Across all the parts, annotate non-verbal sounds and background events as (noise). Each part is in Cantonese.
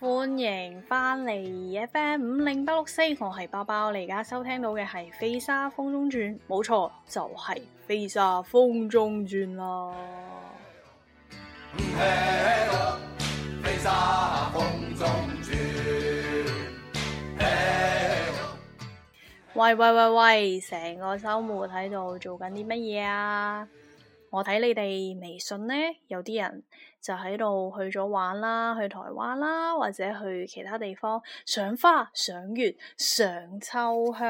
歡迎返嚟 FM 五零八六四，我係包包。你而家收聽到嘅係《飛沙風中轉》，冇錯，就係、是《飛沙風中轉》啦。嘿 (music) 飛沙風中轉，喂喂喂喂，成個周末喺度做緊啲乜嘢啊？我睇你哋微信咧，有啲人就喺度去咗玩啦，去台灣啦，或者去其他地方賞花、賞月、賞秋香，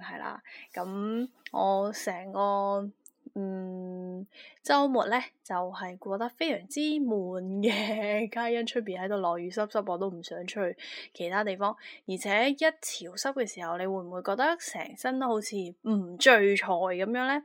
係啦。咁我成個嗯周末咧，就係過得非常之悶嘅，皆因出邊喺度落雨濕濕，我都唔想出去其他地方。而且一潮濕嘅時候，你會唔會覺得成身都好似唔聚財咁樣咧？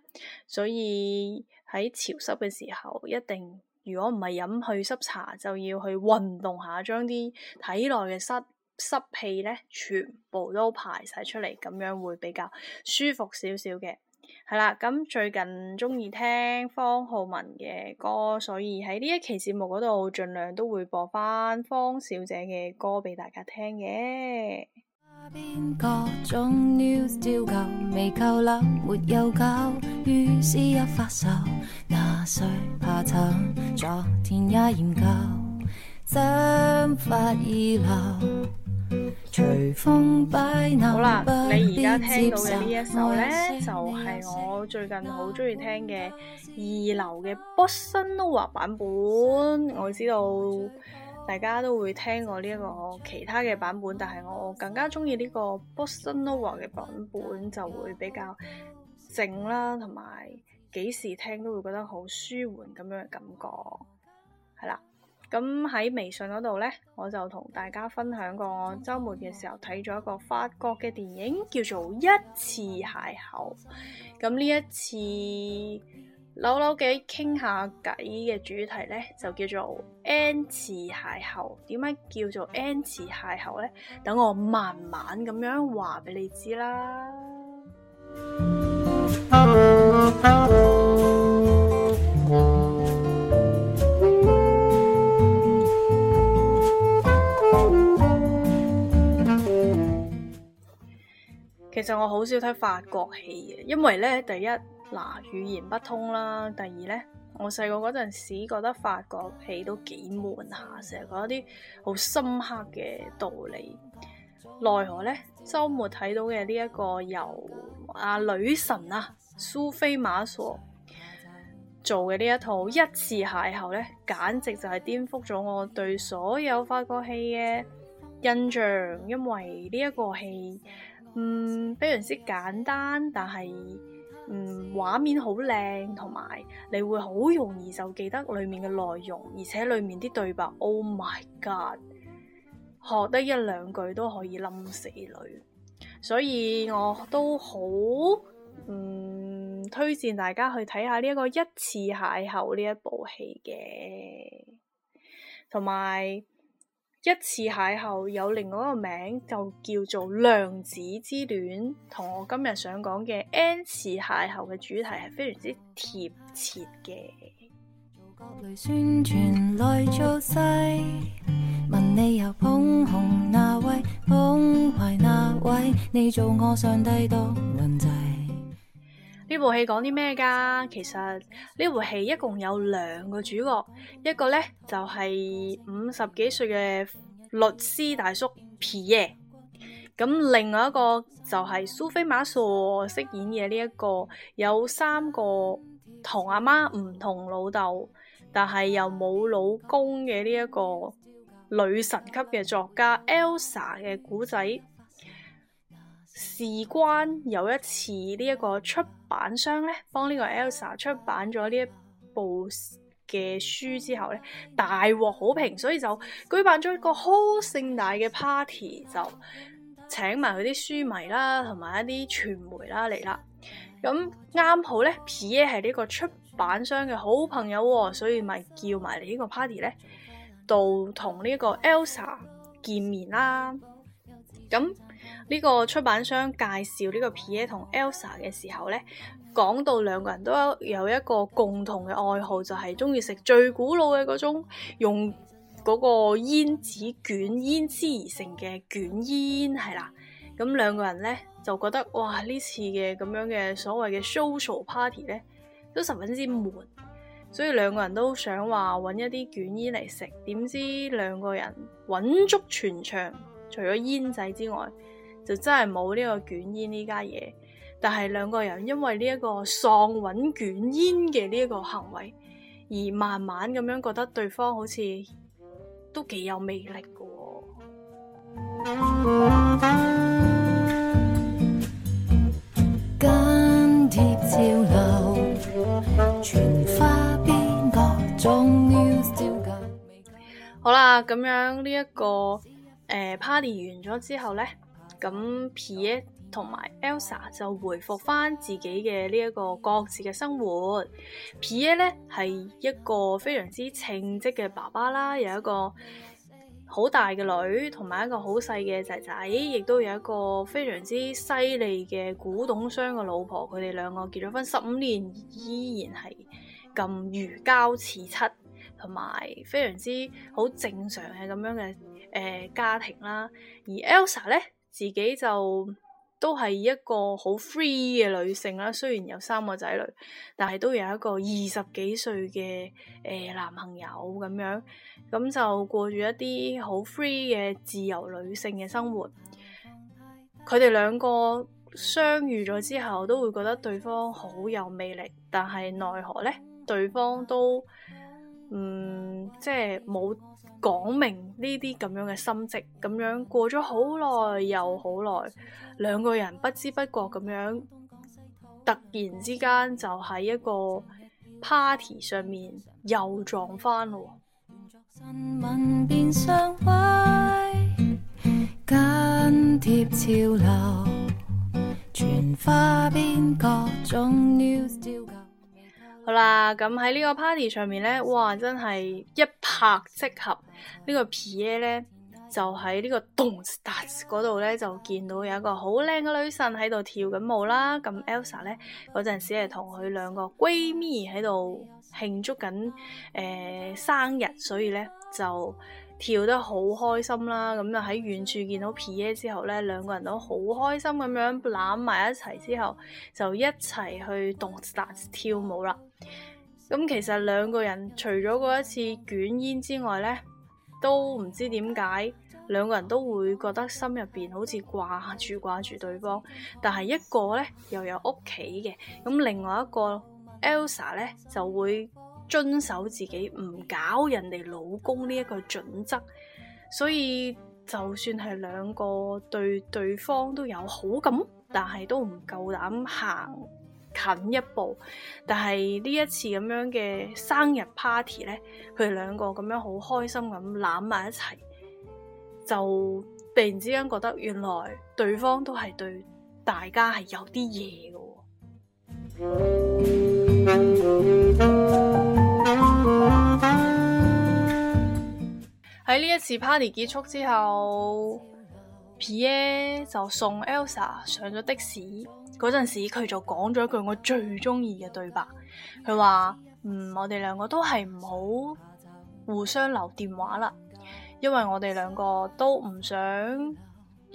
所以。喺潮濕嘅時候，一定如果唔係飲去濕茶，就要去運動下，將啲體內嘅濕濕氣呢，全部都排晒出嚟，咁樣會比較舒服少少嘅。係啦，咁最近中意聽方皓玟嘅歌，所以喺呢一期節目嗰度，盡量都會播翻方小姐嘅歌俾大家聽嘅。邊個總要照舊？未靠樓，沒有狗，於是一發愁。那誰怕醜？昨天也嚴教，想發二流。隨風擺。好啦，你而家聽到嘅呢一首咧，就係、是、我最近好中意聽嘅二流嘅 Bossa Nova 版本， (music) 我知道。大家都會聽過呢一個其他嘅版本，但係我更加中意呢個 Bossa Nova 嘅版本，就會比較靜啦，同埋幾時聽都會覺得好舒緩咁樣嘅感覺，係啦。咁喺微信嗰度呢，我就同大家分享過我周末嘅時候睇咗一個法國嘅電影，叫做《一次邂逅》。咁呢一次。扭扭嘅傾下偈嘅主題咧，就叫做 N 次邂逅。點解叫做 N 次邂逅咧？等我慢慢咁樣話俾你知啦。 (music) 其實我好少睇法國戲嘅，因為咧第一。嗱，語言不通啦。第二呢，我細個嗰陣時覺得法國戲都幾悶下，啊，成日講一啲好深刻嘅道理。奈何呢，週末睇到嘅呢一個由阿女神啊，蘇菲馬索做嘅呢一套《一次邂逅》呢，簡直就係顛覆咗我對所有法國戲嘅印象，因為呢一個戲，嗯，非常之簡單，但係嗯，畫面好靚，同埋你會好容易就記得裏面嘅內容，而且裏面啲對白，Oh my God，學得一兩句都可以冧死女，所以我都好嗯推薦大家去睇下呢一個一次邂逅呢一部戲嘅，同埋。一次邂逅有另外一個名字，就叫做量子之戀，同我今日想講嘅 N 次邂逅嘅主題係非常之貼切嘅。呢部戲講啲咩噶？其實呢部戲一共有兩個主角，一個呢就係五十幾歲嘅律師大叔皮耶，咁另外一個就係蘇菲瑪索飾演嘅呢一個有三個同阿媽唔同老豆，但係又冇老公嘅呢一個女神級嘅作家 Elsa 嘅古仔，事關有一次呢一個出。版商咧，幫呢個 Elsa 出版咗呢一部嘅書之後咧，大獲好評，所以就舉辦咗一個好盛大嘅 party，就請埋佢啲書迷啦，同埋一啲傳媒啦嚟啦。咁啱好咧 Pierre 係呢，呢個出版商嘅好朋友喎、哦，所以咪叫埋嚟呢個 party 咧，度同呢個 Elsa 見面啦。咁呢個出版商介紹呢個 Peter 同 Elsa 嘅時候呢，講到兩個人都有一個共同嘅愛好，就係中意食最古老嘅嗰種用嗰個煙紙捲煙絲而成嘅捲煙，係啦。咁兩個人呢就覺得哇，呢次嘅咁樣嘅所謂嘅 social party 呢，都十分之悶，所以兩個人都想話揾一啲捲煙嚟食，點知兩個人揾足全場，除咗煙仔之外。就真係冇呢個捲煙呢家嘢，但係兩個人因為呢一個喪穩捲煙嘅呢一個行為，而慢慢咁樣覺得對方好似都幾有魅力嘅喎、哦。好啦，咁樣呢、這、一個誒、呃、party 完咗之後呢。咁 Pierre 同埋 Elsa 就復回復翻自己嘅呢一個各自嘅生活。Pierre 咧係一個非常之稱職嘅爸爸啦，有一個好大嘅女，同埋一個好細嘅仔仔，亦都有一個非常之犀利嘅古董商嘅老婆。佢哋兩個結咗婚十五年，依然係咁如膠似漆，同埋非常之好正常嘅咁樣嘅誒、呃、家庭啦。而 Elsa 咧～自己就都係一個好 free 嘅女性啦，雖然有三個仔女，但係都有一個二十幾歲嘅誒男朋友咁樣，咁就過住一啲好 free 嘅自由女性嘅生活。佢哋兩個相遇咗之後，都會覺得對方好有魅力，但係奈何呢？對方都嗯。即係冇講明呢啲咁樣嘅心跡，咁樣過咗好耐又好耐，兩個人不知不覺咁樣，突然之間就喺一個 party 上面又撞返咯。 (music) 好啦，咁喺呢個 party 上面呢，哇，真係一拍即合。呢個皮耶呢，就喺呢個 dance 嗰度呢，就見到有一個好靚嘅女神喺度跳緊舞啦。咁艾莎呢嗰陣時係同佢兩個閨蜜喺度慶祝緊誒、呃、生日，所以呢，就跳得好開心啦。咁就喺遠處見到皮耶之後呢，兩個人都好開心咁樣攬埋一齊之後就一齊去 dance 跳舞啦。咁其實兩個人除咗嗰一次捲煙之外呢，都唔知點解，兩個人都會覺得心入邊好似掛住掛住對方，但係一個呢，又有屋企嘅，咁另外一個 Elsa 呢，就會遵守自己唔搞人哋老公呢一個準則，所以就算係兩個對對方都有好感，但係都唔夠膽行。近一步，但係呢一次咁樣嘅生日 party 呢，佢哋兩個咁樣好開心咁攬埋一齊，就突然之間覺得原來對方都係對大家係有啲嘢嘅喎。喺呢 (music) 一次 party 結束之後。皮耶就送 Elsa 上咗的士，嗰陣時佢就講咗一句我最中意嘅對白，佢話：嗯，我哋兩個都係唔好互相留電話啦，因為我哋兩個都唔想誒、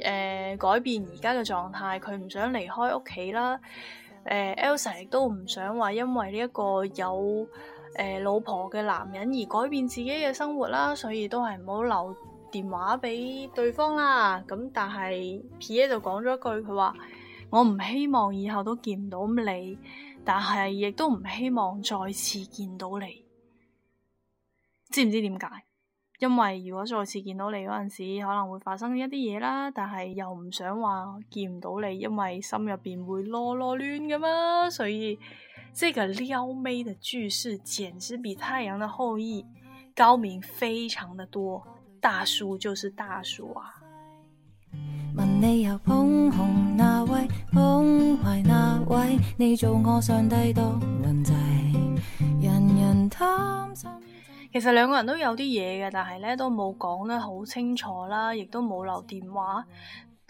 呃、改變而家嘅狀態，佢唔想離開屋企啦，誒、呃，Elsa 亦都唔想話因為呢一個有誒、呃、老婆嘅男人而改變自己嘅生活啦，所以都係唔好留，電話俾對方啦，咁但係皮耶就講咗一句，佢話我唔希望以後都見唔到你，但係亦都唔希望再次見到你。知唔知點解？因為如果再次見到你嗰陣時，可能會發生一啲嘢啦，但係又唔想話見唔到你，因為心入邊會囉囉攣噶嘛。所以，即個撩妹的句式簡直比《太陽的後裔》高明非常得多。大叔就是大叔啊！其實兩個人都有啲嘢嘅，但係咧都冇講得好清楚啦，亦都冇留電話。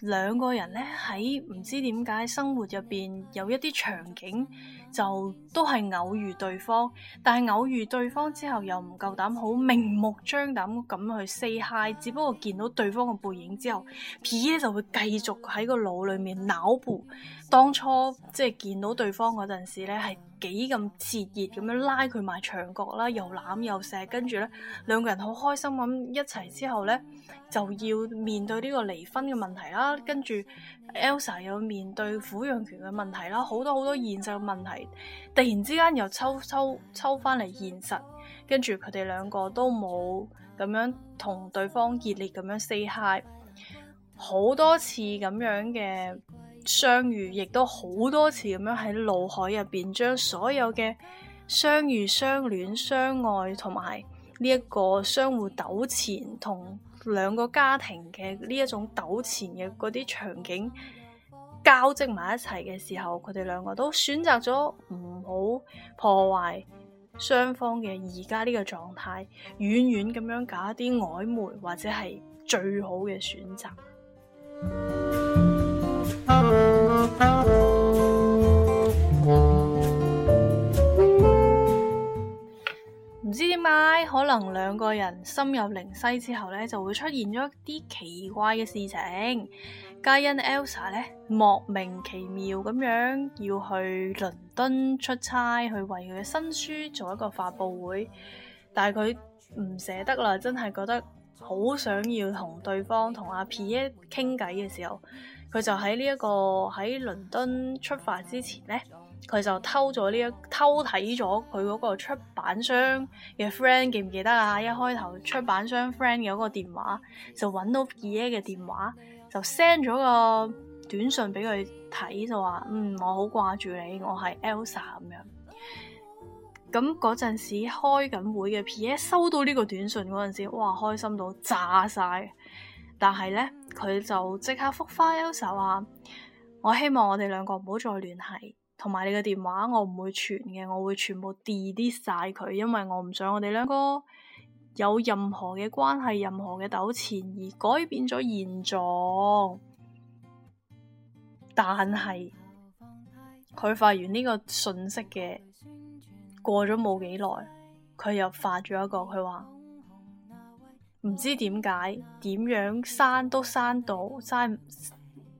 兩個人呢，喺唔知點解生活入邊有一啲場景就都係偶遇對方，但係偶遇對方之後又唔夠膽好明目張膽咁去 say hi，只不過見到對方嘅背影之後，P 咧就會繼續喺個腦裏面腦補當初即係見到對方嗰陣時呢係。幾咁熾熱咁樣拉佢埋牆角啦，又攬又錫，跟住咧兩個人好開心咁一齊，之後咧就要面對呢個離婚嘅問題啦，跟住 Elsa 又面對撫養權嘅問題啦，好多好多現實嘅問題，突然之間又抽抽抽翻嚟現實，跟住佢哋兩個都冇咁樣同對方熱烈咁樣 say hi 好多次咁樣嘅。相遇亦都好多次咁樣喺腦海入邊，將所有嘅相遇、相戀、相愛，同埋呢一個相互糾纏，同兩個家庭嘅呢一種糾纏嘅嗰啲場景交織埋一齊嘅時候，佢哋兩個都選擇咗唔好破壞雙方嘅而家呢個狀態，遠遠咁樣搞一啲曖昧，或者係最好嘅選擇。唔知點解，可能兩個人心有靈犀之後呢，就會出現咗一啲奇怪嘅事情。皆因 Elsa 呢，莫名其妙咁樣要去倫敦出差，去為佢嘅新書做一個發布會，但係佢唔捨得啦，真係覺得好想要同對方同阿 P 傾偈嘅時候。佢就喺呢一個喺倫敦出發之前咧，佢就偷咗呢一偷睇咗佢嗰個出版商嘅 friend，記唔記得啊？一開頭出版商 friend 有個電話，就揾到皮耶嘅電話，就 send 咗個短信俾佢睇，就話：嗯，我好掛住你，我係 Elsa 咁樣。咁嗰陣時開緊會嘅皮耶收到呢個短信嗰陣時，哇！開心到炸晒。但係咧。佢就即刻覆返，有成話，我希望我哋兩個唔好再聯繫，同埋你嘅電話我唔會傳嘅，我會全部 delete 曬佢，因為我唔想我哋兩個有任何嘅關係，任何嘅糾纏而改變咗現狀。但係佢發完呢個信息嘅過咗冇幾耐，佢又發咗一個，佢話。唔知點解，點樣刪都刪到刪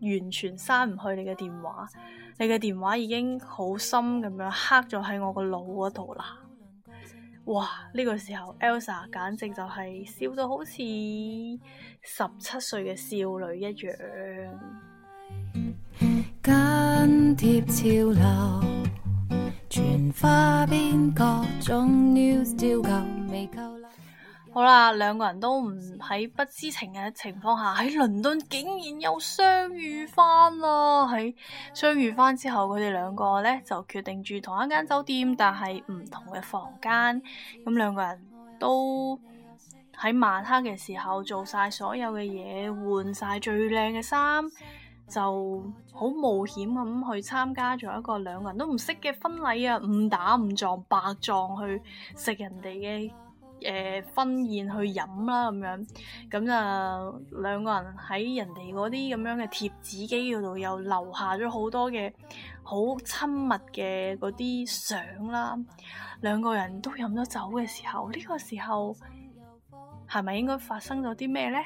完全刪唔去你嘅電話，你嘅電話已經好深咁樣刻咗喺我個腦嗰度啦！哇，呢個時候，Elsa 簡直就係笑到好似十七歲嘅少女一樣。跟貼潮流，傳花邊各種 news 要求。好啦，兩個人都唔喺不知情嘅情況下喺倫敦竟然又相遇翻啦！喺相遇翻之後，佢哋兩個咧就決定住同一間酒店，但係唔同嘅房間。咁兩個人都喺晚黑嘅時候做晒所有嘅嘢，換晒最靚嘅衫，就好冒險咁去參加咗一個兩個人都唔識嘅婚禮啊！誤打誤撞，白撞去食人哋嘅。誒婚宴去飲啦咁樣，咁就兩個人喺人哋嗰啲咁樣嘅貼紙機嗰度又留下咗好多嘅好親密嘅嗰啲相啦。兩個人都飲咗酒嘅時候，呢個時候係咪應該發生咗啲咩呢？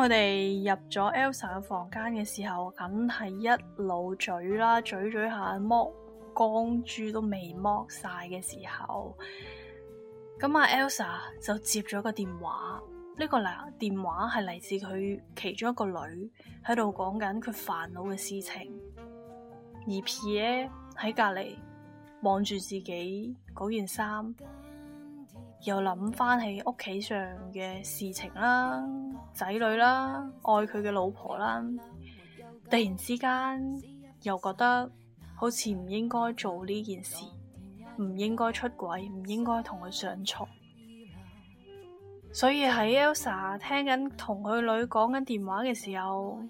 我哋入咗 Elsa 嘅房間嘅時候，梗係一路嘴啦，嘴嘴下，剝光珠都未剝晒嘅時候，咁阿 Elsa 就接咗個電話，呢、這個嚟電話係嚟自佢其中一個女喺度講緊佢煩惱嘅事情，而 Peter 喺隔籬望住自己嗰件衫。又諗翻起屋企上嘅事情啦，仔女啦，愛佢嘅老婆啦，突然之間又覺得好似唔應該做呢件事，唔應該出軌，唔應該同佢上床。所以喺 Elsa 聽緊同佢女講緊電話嘅時候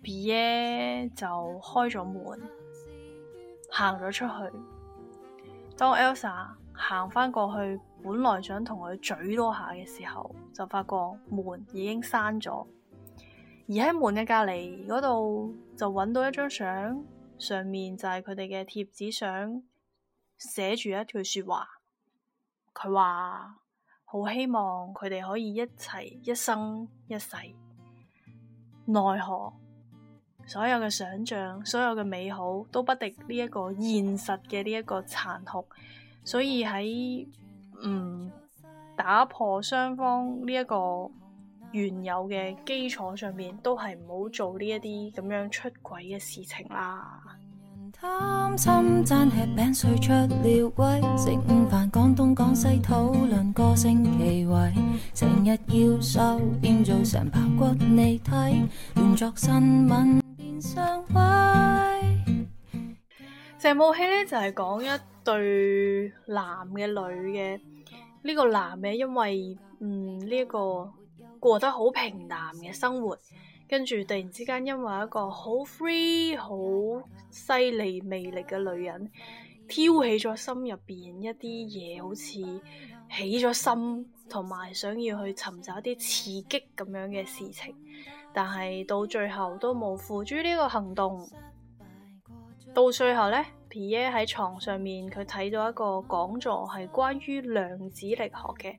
，Bier 就開咗門，行咗出去。當 Elsa 行翻過去。本來想同佢咀多下嘅時候，就發覺門已經閂咗，而喺門嘅隔籬嗰度就揾到一張相，上面就係佢哋嘅貼紙相，寫住一句說話。佢話好希望佢哋可以一齊一生一世，奈何所有嘅想象，所有嘅美好都不敵呢一個現實嘅呢一個殘酷，所以喺。嗯，打破雙方呢一個原有嘅基礎上面，都係唔好做呢一啲咁樣出軌嘅事情啦。貪心爭吃餅碎出了軌，食午飯講東講西討論個性奇位，成日要瘦變做成排骨你睇，亂作新聞變上位。成部戲呢就係、是、講一。對男嘅，女嘅呢個男嘅，因為嗯呢一個過得好平淡嘅生活，跟住突然之間因為一個好 free、好犀利、魅力嘅女人挑起咗心入邊一啲嘢，好似起咗心，同埋想要去尋找一啲刺激咁樣嘅事情，但係到最後都冇付諸呢個行動，到最後呢。Pierre 喺床上面，佢睇到一個講座係關於量子力學嘅。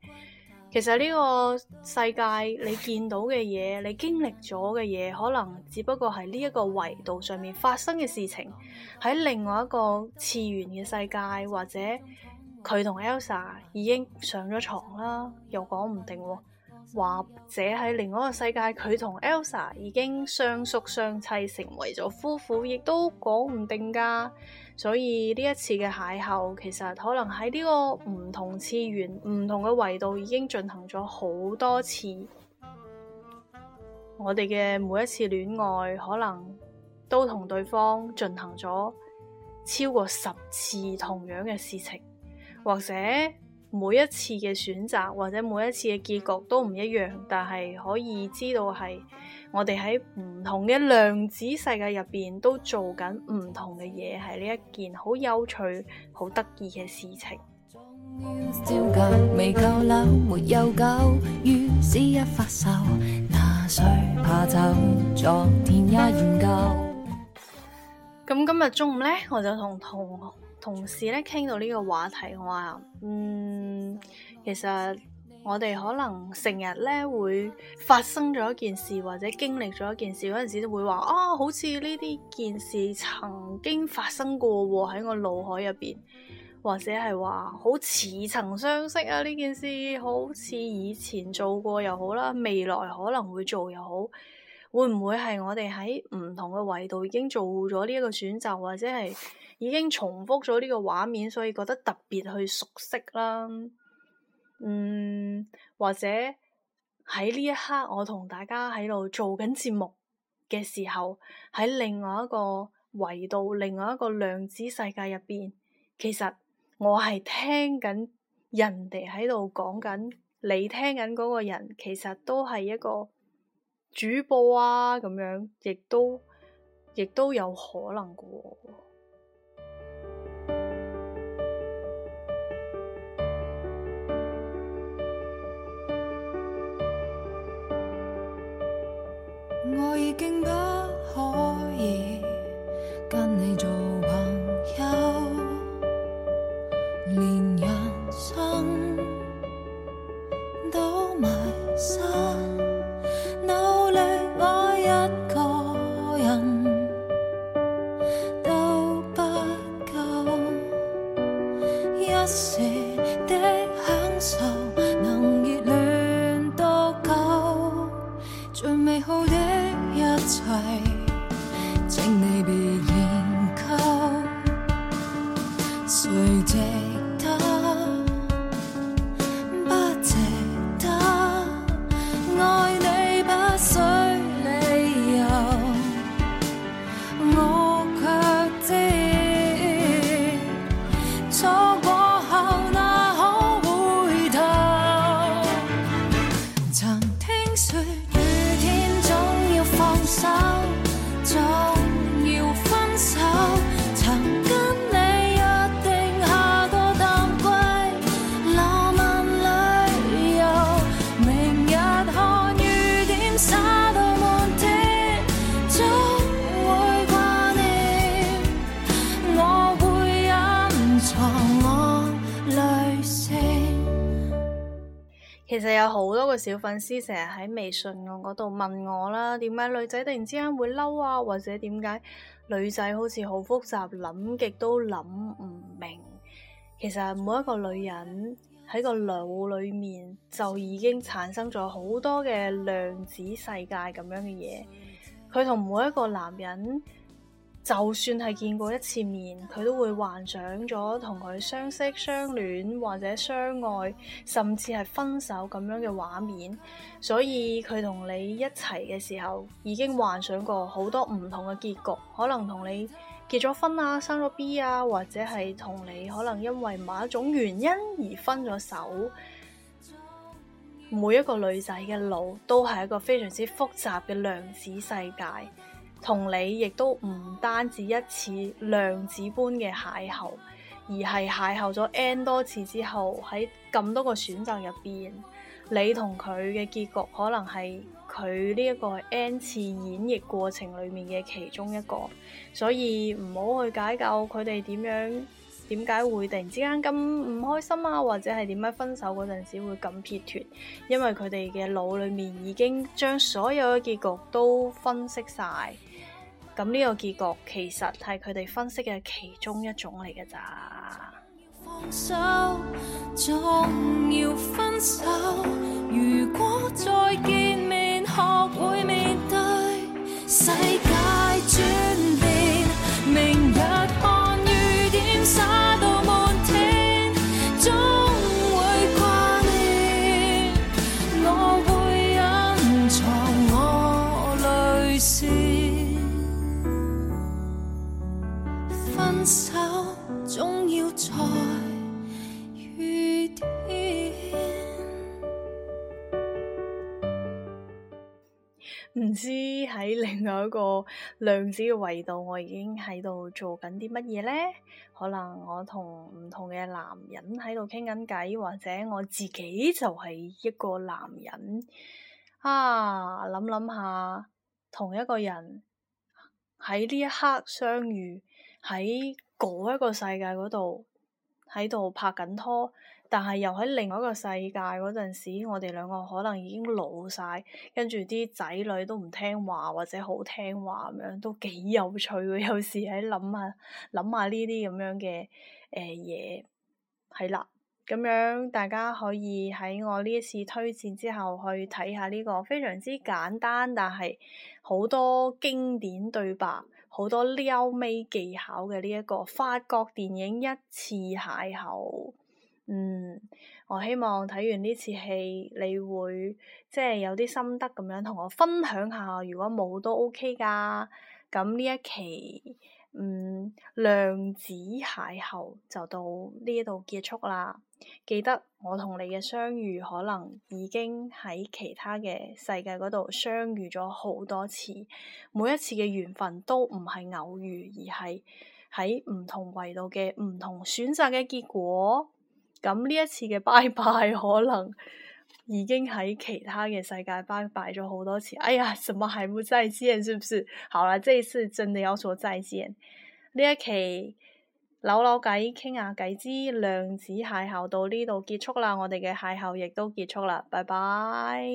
其實呢個世界你見到嘅嘢，你經歷咗嘅嘢，可能只不過係呢一個維度上面發生嘅事情。喺另外一個次元嘅世界，或者佢同 Elsa 已經上咗床啦，又講唔定或者喺另外一個世界，佢同 Elsa 已經相宿相妻，成為咗夫婦，亦都講唔定噶。所以呢一次嘅邂逅，其實可能喺呢個唔同次元、唔同嘅維度，已經進行咗好多次。我哋嘅每一次戀愛，可能都同對方進行咗超過十次同樣嘅事情，或者。每一次嘅選擇或者每一次嘅結局都唔一樣，但係可以知道係我哋喺唔同嘅量子世界入邊都做緊唔同嘅嘢，係呢一件好有趣、好得意嘅事情。咁 (music) 今日中午呢，我就同同學。同事咧傾到呢個話題，我話嗯，其實我哋可能成日咧會發生咗一件事，或者經歷咗一件事嗰陣時，都會話啊，好似呢啲件事曾經發生過喎，喺我腦海入邊，或者係話好似曾相識啊！呢件事好似以前做過又好啦，未來可能會做又好，會唔會係我哋喺唔同嘅維度已經做咗呢一個選擇，或者係，已經重複咗呢個畫面，所以覺得特別去熟悉啦。嗯，或者喺呢一刻，我同大家喺度做緊節目嘅時候，喺另外一個維度，另外一個量子世界入邊，其實我係聽緊人哋喺度講緊，你聽緊嗰個人，其實都係一個主播啊，咁樣亦都亦都有可能噶，哦。已經不可以跟你做。個小粉絲成日喺微信我嗰度問我啦，點解女仔突然之間會嬲啊？或者點解女仔好似好複雜，諗極都諗唔明？其實每一個女人喺個腦裏面就已經產生咗好多嘅量子世界咁樣嘅嘢，佢同每一個男人。就算係見過一次面，佢都會幻想咗同佢相識相戀、相戀或者相愛，甚至係分手咁樣嘅畫面。所以佢同你一齊嘅時候，已經幻想過好多唔同嘅結局，可能同你結咗婚啊、生咗 B 啊，或者係同你可能因為某一種原因而分咗手。每一個女仔嘅腦都係一個非常之複雜嘅量子世界。同你亦都唔單止一次量子般嘅邂逅，而係邂逅咗 N 多次之後，喺咁多個選擇入邊，你同佢嘅結局可能係佢呢一個 N 次演繹過程裡面嘅其中一個。所以唔好去解救佢哋點樣點解會突然之間咁唔開心啊，或者係點解分手嗰陣時會咁撇脱，因為佢哋嘅腦裡面已經將所有嘅結局都分析晒。咁呢個結局其實係佢哋分析嘅其中一種嚟㗎咋。要，放手總要分手？如果再見面，另一個量子嘅維度，我已經喺度做緊啲乜嘢呢？可能我同唔同嘅男人喺度傾緊偈，或者我自己就係一個男人啊！諗諗下，同一個人喺呢一刻相遇，喺嗰一個世界嗰度喺度拍緊拖。但係又喺另一個世界嗰陣時，我哋兩個可能已經老晒，跟住啲仔女都唔聽話或者好聽話咁樣，都幾有趣喎。有時喺諗下諗下呢啲咁樣嘅誒嘢，係、呃、啦，咁、嗯、樣大家可以喺我呢一次推薦之後去睇下呢個非常之簡單，但係好多經典對白、好多撩妹技巧嘅呢一個法國電影《一次邂逅》。嗯，我希望睇完呢次戲，你會即係有啲心得咁樣同我分享下。如果冇都 OK 噶。咁呢一期，嗯，量子邂逅就到呢度結束啦。記得我同你嘅相遇，可能已經喺其他嘅世界嗰度相遇咗好多次，每一次嘅緣分都唔係偶遇，而係喺唔同維度嘅唔同選擇嘅結果。咁呢一次嘅拜拜可能已經喺其他嘅世界拜拜咗好多次。哎呀，什麼係冇再見，是不是？好啦，這一次真嘅有所再見。呢一期扭扭計傾下計之量子邂逅到呢度結束啦， (noise) 我哋嘅邂逅亦都結束啦，拜拜。